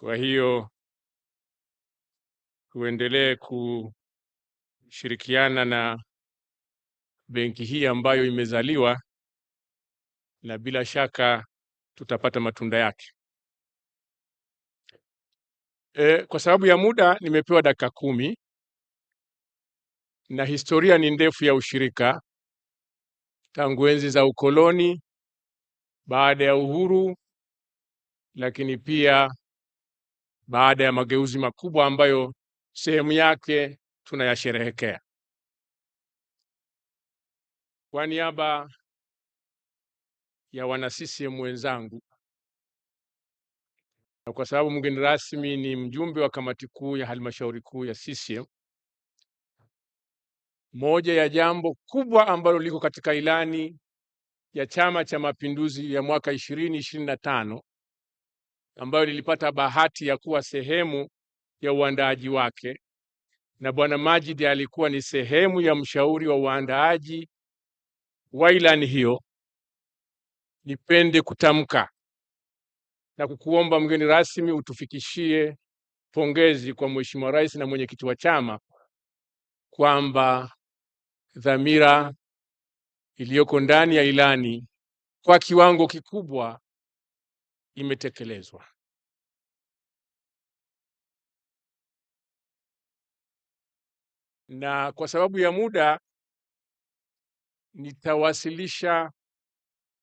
Kwa hiyo tuendelee kushirikiana na benki hii ambayo imezaliwa na bila shaka tutapata matunda yake. E, kwa sababu ya muda nimepewa dakika kumi na historia ni ndefu ya ushirika tangu enzi za ukoloni, baada ya uhuru, lakini pia baada ya mageuzi makubwa ambayo sehemu yake tunayasherehekea. Kwa niaba ya wana CCM wenzangu na kwa sababu mgeni rasmi ni mjumbe wa kamati kuu ya halmashauri kuu ya CCM, moja ya jambo kubwa ambalo liko katika ilani ya Chama cha Mapinduzi ya mwaka ishirini ishirini na tano ambayo nilipata bahati ya kuwa sehemu ya uandaaji wake, na Bwana Majid alikuwa ni sehemu ya mshauri wa uandaaji wa ilani hiyo. Nipende kutamka na kukuomba mgeni rasmi utufikishie pongezi kwa Mheshimiwa Rais na mwenyekiti wa chama kwamba dhamira iliyoko ndani ya ilani kwa kiwango kikubwa imetekelezwa. Na kwa sababu ya muda nitawasilisha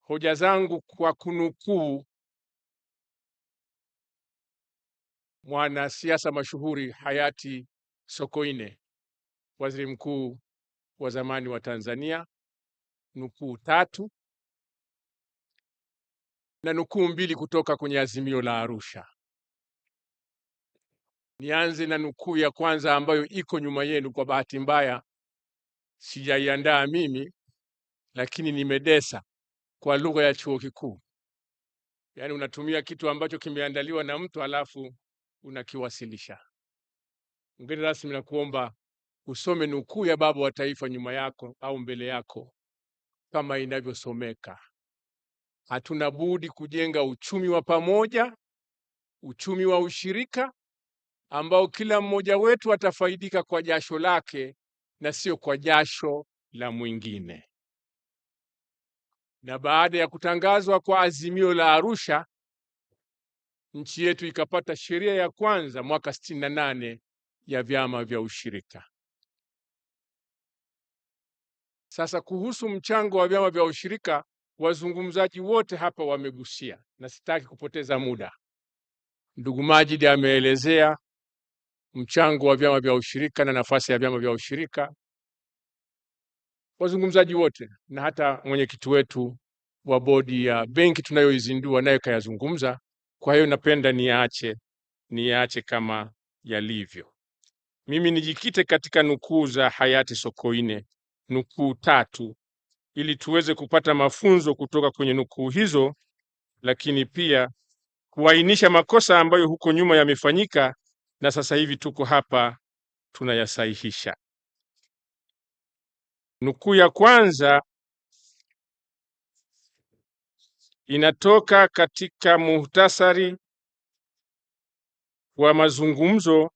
hoja zangu kwa kunukuu mwanasiasa mashuhuri hayati Sokoine, waziri mkuu wa zamani wa Tanzania, nukuu tatu na nukuu mbili kutoka kwenye azimio la Arusha. Nianze na nukuu ya kwanza ambayo iko nyuma yenu. Kwa bahati mbaya sijaiandaa mimi, lakini nimedesa kwa lugha ya chuo kikuu. Yaani unatumia kitu ambacho kimeandaliwa na mtu alafu unakiwasilisha. Mgeni rasmi, nakuomba usome nukuu ya baba wa taifa nyuma yako au mbele yako kama inavyosomeka hatuna budi kujenga uchumi wa pamoja, uchumi wa ushirika ambao kila mmoja wetu atafaidika kwa jasho lake na sio kwa jasho la mwingine. Na baada ya kutangazwa kwa azimio la Arusha, nchi yetu ikapata sheria ya kwanza mwaka sitini nane ya vyama vya ushirika. Sasa kuhusu mchango wa vyama vya ushirika wazungumzaji wote hapa wamegusia, na sitaki kupoteza muda. Ndugu Majid ameelezea mchango wa vyama vya ushirika na nafasi ya vyama vya ushirika. Wazungumzaji wote na hata mwenyekiti wetu wa bodi ya benki tunayoizindua nayo kayazungumza. Kwa hiyo napenda niache niyaache kama yalivyo. Mimi nijikite katika nukuu za hayati Sokoine, nukuu tatu ili tuweze kupata mafunzo kutoka kwenye nukuu hizo, lakini pia kuainisha makosa ambayo huko nyuma yamefanyika na sasa hivi tuko hapa tunayasahihisha. Nukuu ya kwanza inatoka katika muhtasari wa mazungumzo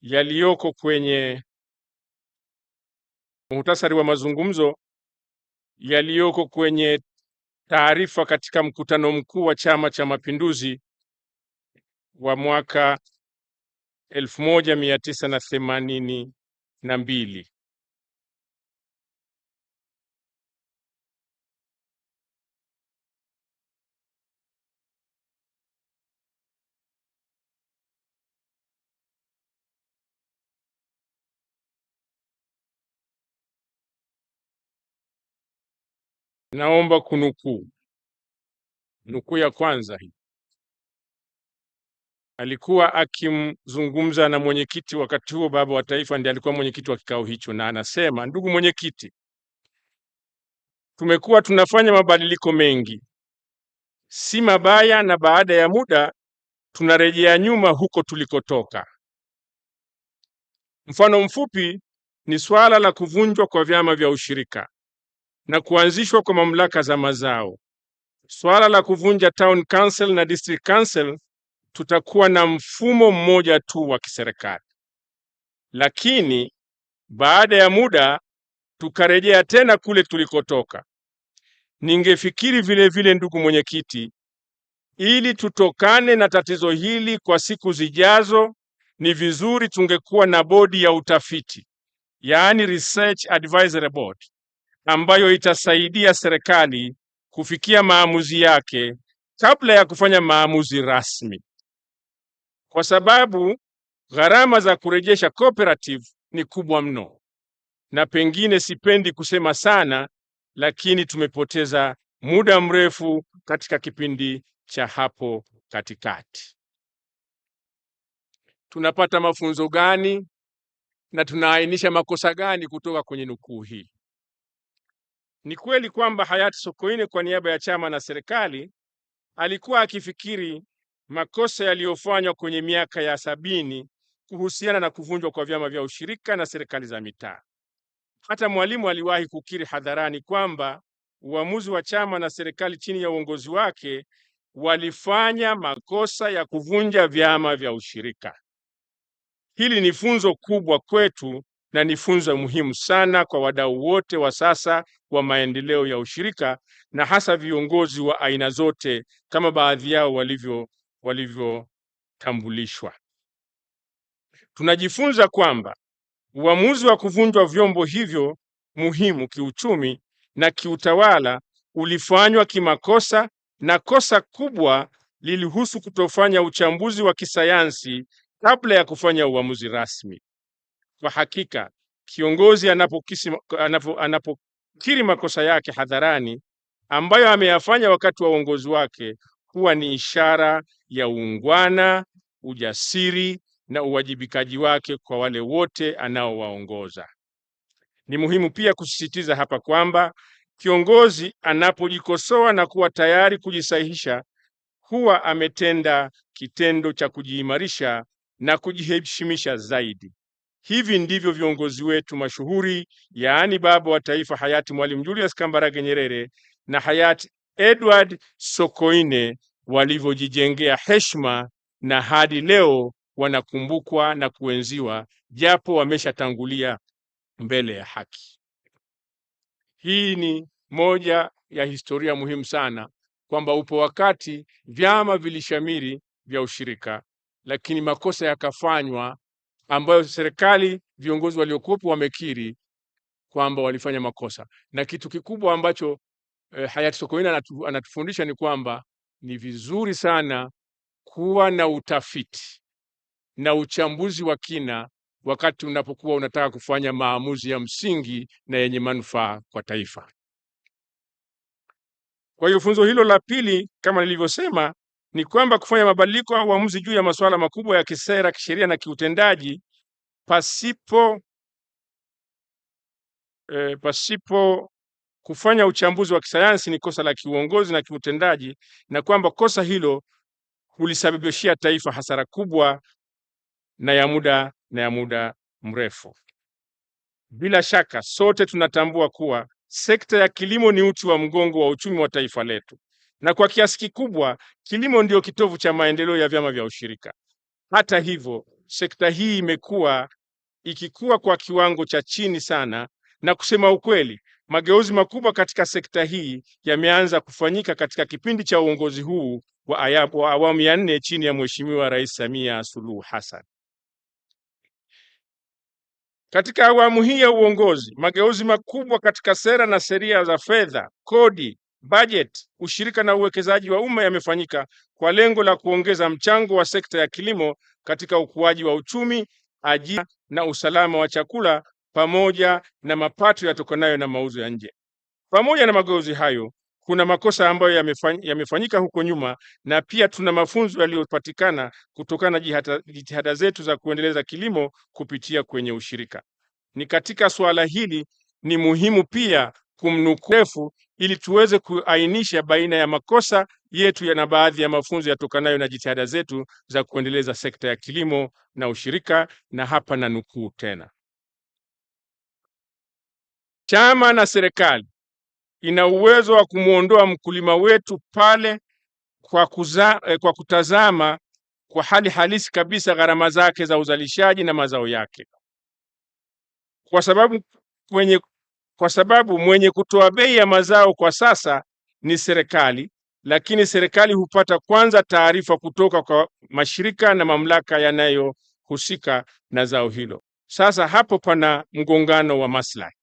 yaliyoko kwenye Muhtasari wa mazungumzo yaliyoko kwenye taarifa katika mkutano mkuu wa Chama cha Mapinduzi wa mwaka 1982. mbili. Naomba kunukuu nukuu ya kwanza hii. Alikuwa akimzungumza na mwenyekiti wakati huo, baba wa taifa ndiye alikuwa mwenyekiti wa kikao hicho, na anasema, ndugu mwenyekiti, tumekuwa tunafanya mabadiliko mengi, si mabaya, na baada ya muda tunarejea nyuma huko tulikotoka. Mfano mfupi ni swala la kuvunjwa kwa vyama vya ushirika na kuanzishwa kwa mamlaka za mazao. Swala la kuvunja town council na district council, tutakuwa na mfumo mmoja tu wa kiserikali, lakini baada ya muda tukarejea tena kule tulikotoka. Ningefikiri vile vile, ndugu mwenyekiti, ili tutokane na tatizo hili kwa siku zijazo, ni vizuri tungekuwa na bodi ya utafiti, yaani research advisory board ambayo itasaidia serikali kufikia maamuzi yake kabla ya kufanya maamuzi rasmi, kwa sababu gharama za kurejesha cooperative ni kubwa mno, na pengine sipendi kusema sana, lakini tumepoteza muda mrefu katika kipindi cha hapo katikati. Tunapata mafunzo gani na tunaainisha makosa gani kutoka kwenye nukuu hii? Ni kweli kwamba hayati Sokoine kwa niaba ya chama na serikali alikuwa akifikiri makosa yaliyofanywa kwenye miaka ya sabini kuhusiana na kuvunjwa kwa vyama vya ushirika na serikali za mitaa. Hata Mwalimu aliwahi kukiri hadharani kwamba uamuzi wa chama na serikali chini ya uongozi wake walifanya makosa ya kuvunja vyama vya ushirika. Hili ni funzo kubwa kwetu na ni funzo muhimu sana kwa wadau wote wa sasa wa maendeleo ya ushirika na hasa viongozi wa aina zote kama baadhi yao walivyo walivyotambulishwa. Tunajifunza kwamba uamuzi wa kuvunjwa vyombo hivyo muhimu kiuchumi na kiutawala ulifanywa kimakosa na kosa kubwa lilihusu kutofanya uchambuzi wa kisayansi kabla ya kufanya uamuzi rasmi. Kwa hakika kiongozi anapokisi, anapokiri makosa yake hadharani ambayo ameyafanya wakati wa uongozi wake huwa ni ishara ya uungwana, ujasiri na uwajibikaji wake kwa wale wote anaowaongoza. Ni muhimu pia kusisitiza hapa kwamba kiongozi anapojikosoa na kuwa tayari kujisahihisha huwa ametenda kitendo cha kujiimarisha na kujiheshimisha zaidi. Hivi ndivyo viongozi wetu mashuhuri, yaani baba wa taifa hayati Mwalimu Julius Kambarage Nyerere na hayati Edward Sokoine walivyojijengea heshima na hadi leo wanakumbukwa na kuenziwa, japo wameshatangulia mbele ya haki. Hii ni moja ya historia muhimu sana kwamba upo wakati vyama vilishamiri vya ushirika, lakini makosa yakafanywa ambayo serikali viongozi waliokuwepo wamekiri kwamba walifanya makosa, na kitu kikubwa ambacho e, hayati Sokoine anatu, anatufundisha ni kwamba ni vizuri sana kuwa na utafiti na uchambuzi wa kina wakati unapokuwa unataka kufanya maamuzi ya msingi na yenye manufaa kwa taifa. Kwa hiyo funzo hilo la pili, kama nilivyosema, ni kwamba kufanya mabadiliko au uamuzi juu ya masuala makubwa ya kisera, kisheria na kiutendaji pasipo eh, pasipo kufanya uchambuzi wa kisayansi ni kosa la kiuongozi na kiutendaji, na kwamba kosa hilo hulisababishia taifa hasara kubwa na ya muda na ya muda mrefu. Bila shaka sote tunatambua kuwa sekta ya kilimo ni uti wa mgongo wa uchumi wa taifa letu na kwa kiasi kikubwa kilimo ndiyo kitovu cha maendeleo ya vyama vya ushirika. Hata hivyo, sekta hii imekuwa ikikua kwa kiwango cha chini sana, na kusema ukweli, mageuzi makubwa katika sekta hii yameanza kufanyika katika kipindi cha uongozi huu wa awamu ya nne chini ya Mheshimiwa Rais Samia Suluhu Hassan. Katika awamu hii ya uongozi, mageuzi makubwa katika sera na sheria za fedha, kodi, Budget, ushirika na uwekezaji wa umma yamefanyika kwa lengo la kuongeza mchango wa sekta ya kilimo katika ukuaji wa uchumi, ajira na usalama wa chakula pamoja na mapato yatokanayo na mauzo ya nje. Pamoja na mageuzi hayo, kuna makosa ambayo yamefanyika huko nyuma na pia tuna mafunzo yaliyopatikana kutokana na jitihada zetu za kuendeleza kilimo kupitia kwenye ushirika. Ni katika suala hili ni muhimu pia kumnukurefu ili tuweze kuainisha baina ya makosa yetu yana baadhi ya mafunzo yatokanayo na jitihada zetu za kuendeleza sekta ya kilimo na ushirika, na hapa na nukuu tena: chama na serikali ina uwezo wa kumwondoa mkulima wetu pale kwa, kuza, eh, kwa kutazama kwa hali halisi kabisa gharama zake za uzalishaji na mazao yake, kwa sababu kwenye kwa sababu mwenye kutoa bei ya mazao kwa sasa ni serikali, lakini serikali hupata kwanza taarifa kutoka kwa mashirika na mamlaka yanayohusika na zao hilo. Sasa hapo pana mgongano wa maslahi.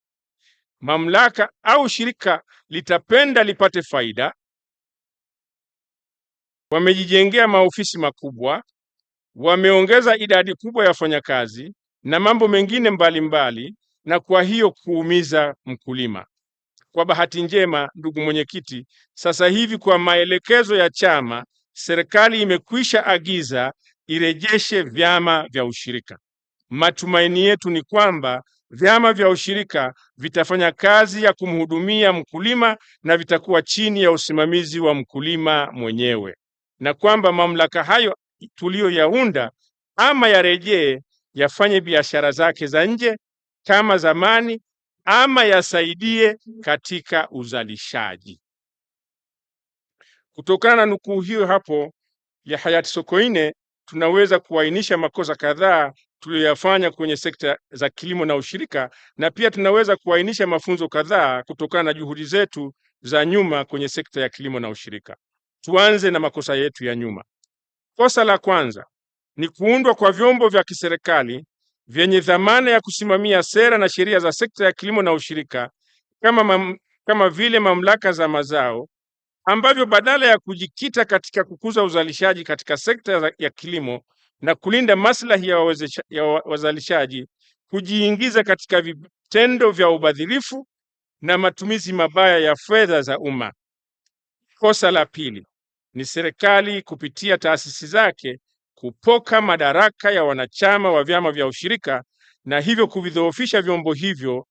Mamlaka au shirika litapenda lipate faida, wamejijengea maofisi makubwa, wameongeza idadi kubwa ya wafanyakazi na mambo mengine mbalimbali mbali, na kwa hiyo kuumiza mkulima. Kwa bahati njema, ndugu mwenyekiti, sasa hivi kwa maelekezo ya chama, serikali imekwisha agiza irejeshe vyama vya ushirika. Matumaini yetu ni kwamba vyama vya ushirika vitafanya kazi ya kumhudumia mkulima na vitakuwa chini ya usimamizi wa mkulima mwenyewe, na kwamba mamlaka hayo tuliyoyaunda ama yarejee yafanye biashara zake za nje kama zamani ama yasaidie katika uzalishaji. Kutokana na nukuu hiyo hapo ya hayati Sokoine, tunaweza kuainisha makosa kadhaa tuliyoyafanya kwenye sekta za kilimo na ushirika, na pia tunaweza kuainisha mafunzo kadhaa kutokana na juhudi zetu za nyuma kwenye sekta ya kilimo na ushirika. Tuanze na makosa yetu ya nyuma. Kosa la kwanza ni kuundwa kwa vyombo vya kiserikali vyenye dhamana ya kusimamia sera na sheria za sekta ya kilimo na ushirika kama, mam, kama vile mamlaka za mazao ambavyo badala ya kujikita katika kukuza uzalishaji katika sekta ya kilimo na kulinda maslahi ya, ya wazalishaji kujiingiza katika vitendo vya ubadhirifu na matumizi mabaya ya fedha za umma. Kosa la pili ni serikali kupitia taasisi zake kupoka madaraka ya wanachama wa vyama vya ushirika na hivyo kuvidhoofisha vyombo hivyo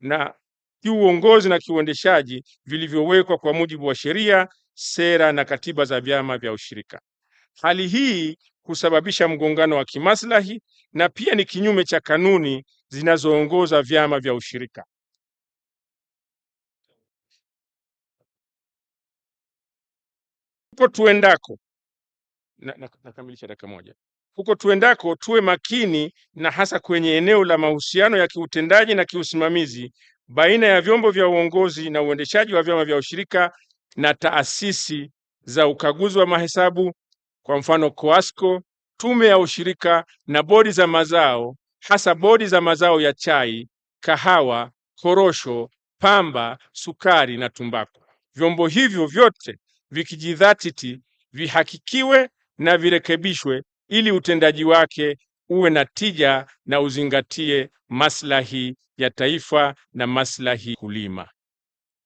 na kiuongozi na kiuendeshaji vilivyowekwa kwa mujibu wa sheria, sera na katiba za vyama vya ushirika. Hali hii husababisha mgongano wa kimaslahi na pia ni kinyume cha kanuni zinazoongoza vyama vya ushirika. tuendako nakamilisha na, na dakika moja huko tuendako tuwe makini na hasa kwenye eneo la mahusiano ya kiutendaji na kiusimamizi baina ya vyombo vya uongozi na uendeshaji wa vyama vya ushirika na taasisi za ukaguzi wa mahesabu, kwa mfano Coasco, tume ya ushirika na bodi za mazao, hasa bodi za mazao ya chai, kahawa, korosho, pamba, sukari na tumbaku. Vyombo hivyo vyote vikijidhatiti vihakikiwe na virekebishwe ili utendaji wake uwe na tija na uzingatie maslahi ya taifa na maslahi kulima.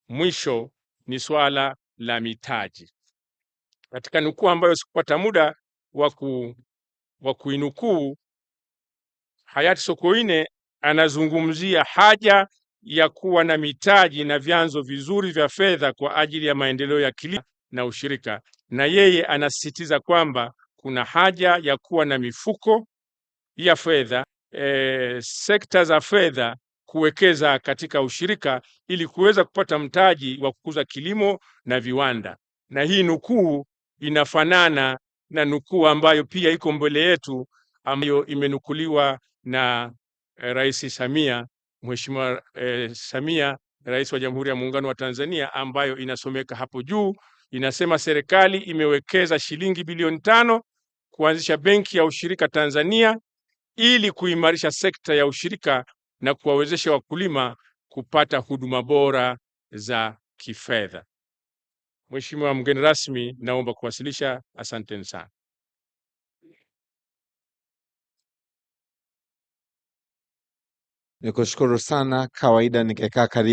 Mwisho ni swala la mitaji. Katika nukuu ambayo sikupata muda wa kuinukuu, hayati Sokoine anazungumzia haja ya kuwa na mitaji na vyanzo vizuri vya fedha kwa ajili ya maendeleo ya kilimo na ushirika na yeye anasisitiza kwamba kuna haja ya kuwa na mifuko ya fedha e, sekta za fedha kuwekeza katika ushirika ili kuweza kupata mtaji wa kukuza kilimo na viwanda. Na hii nukuu inafanana na nukuu ambayo pia iko mbele yetu ambayo imenukuliwa na eh, Rais Samia, Mheshimiwa e, Samia, Rais wa Jamhuri ya Muungano wa Tanzania, ambayo inasomeka hapo juu inasema serikali imewekeza shilingi bilioni tano kuanzisha benki ya ushirika Tanzania ili kuimarisha sekta ya ushirika na kuwawezesha wakulima kupata huduma bora za kifedha. Mheshimiwa mgeni rasmi, naomba kuwasilisha. Asanteni sana. Nikushukuru sana. Kawaida nikikaa karibu